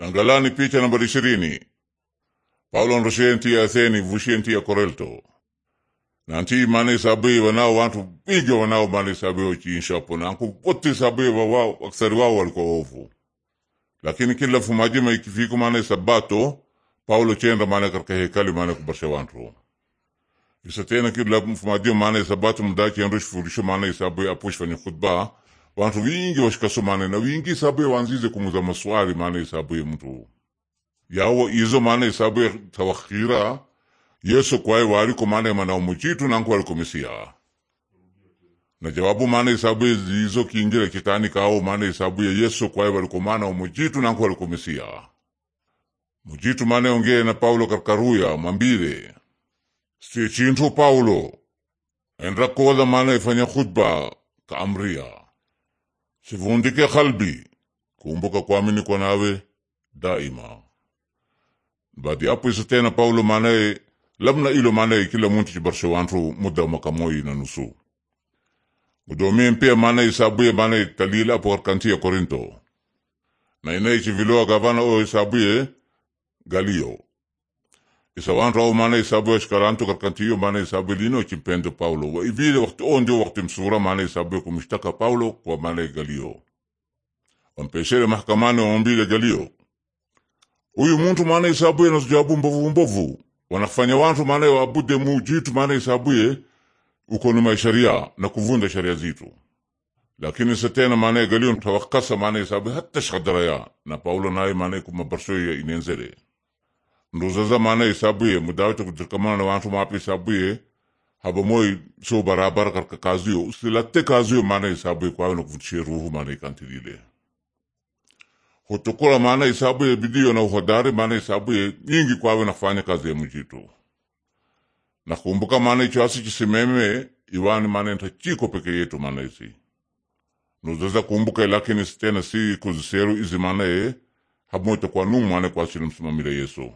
Angalani picha nambari ishirini paulo anrushiye ntiya atheni vushienti ya korelto nanti mane isabuiwa wanao wantu biga wanao mane isabuiwa chinshapo nanku wote isabuiwa wao aksari wao walikuwa waovu lakini kila fumajima ikifiku mane sabato paulo chenda mane katika hekali mane kubarsha wantu isa tena kila fumajima mane sabato muda chenrush furisho mane isabui apush fanye khutba vantu vingi washikasomane na wingi isabuye wanzize kumuza maswali maana isabuye mtu yawo izo maana isabuye tawakhira yesu kwae waliko maana manao muchitu nanku waliko mesiya na jawabu maana isabuye zizo kingira kitani kawo maana isabuye yesu kwaye waliko maana muchitu nanku waliko mesiya mujitu maana ongeye na paulo karkaruya mambire sie chintu paulo enrakola maana ifanya khutba kaamria sivundike kalbi kumbuka kuamini kwa nawe daima badi apo isa tena paulo manaye lamna ilo manaye kila muntu wantu muda makamoi na nusu udomien pia manaye sabuye manaye talila apo ya korinto na inai civiloa gavana o sabuye galio Isawan raw maana isabu Esperanto karkantiyo maana isabu lino chimpendo Paulo wa ibile wakati o oh, ndio wakati msura maana isabu kumshtaka Paulo kwa maana Galio wampeshere mahakamani wamwambile Galio huyu muntu maana isabu anazijabu mbovu mbovu wanafanya wantu maana waabude mujitu maana isabu ye uko nyuma sharia na kuvunda sharia zitu lakini satena maana Galio tawakasa maana isabu hata shadara ya na Paulo naye maana kumabarsoya inenzele ndozaza maana isabuye mudawete kudirikamana na wantu mape isabuye moi so barabara karka kazuyo usilatte kazuyo maana isabuye kwawena kuvutishe ruhu maana ikantidile hotokora maana isabuye bidiyo na uhodari maana isabuye nyingi kwawena kufanya kazi ya mujitu nakumbuka maana ichoasi chisimeme iwani mana nta chiko peke yetu mana isi nozaza kumbuka lakini sitena si kuziseru izi maana ye hamoita kwa mana e, kwa kwasili msimamile yesu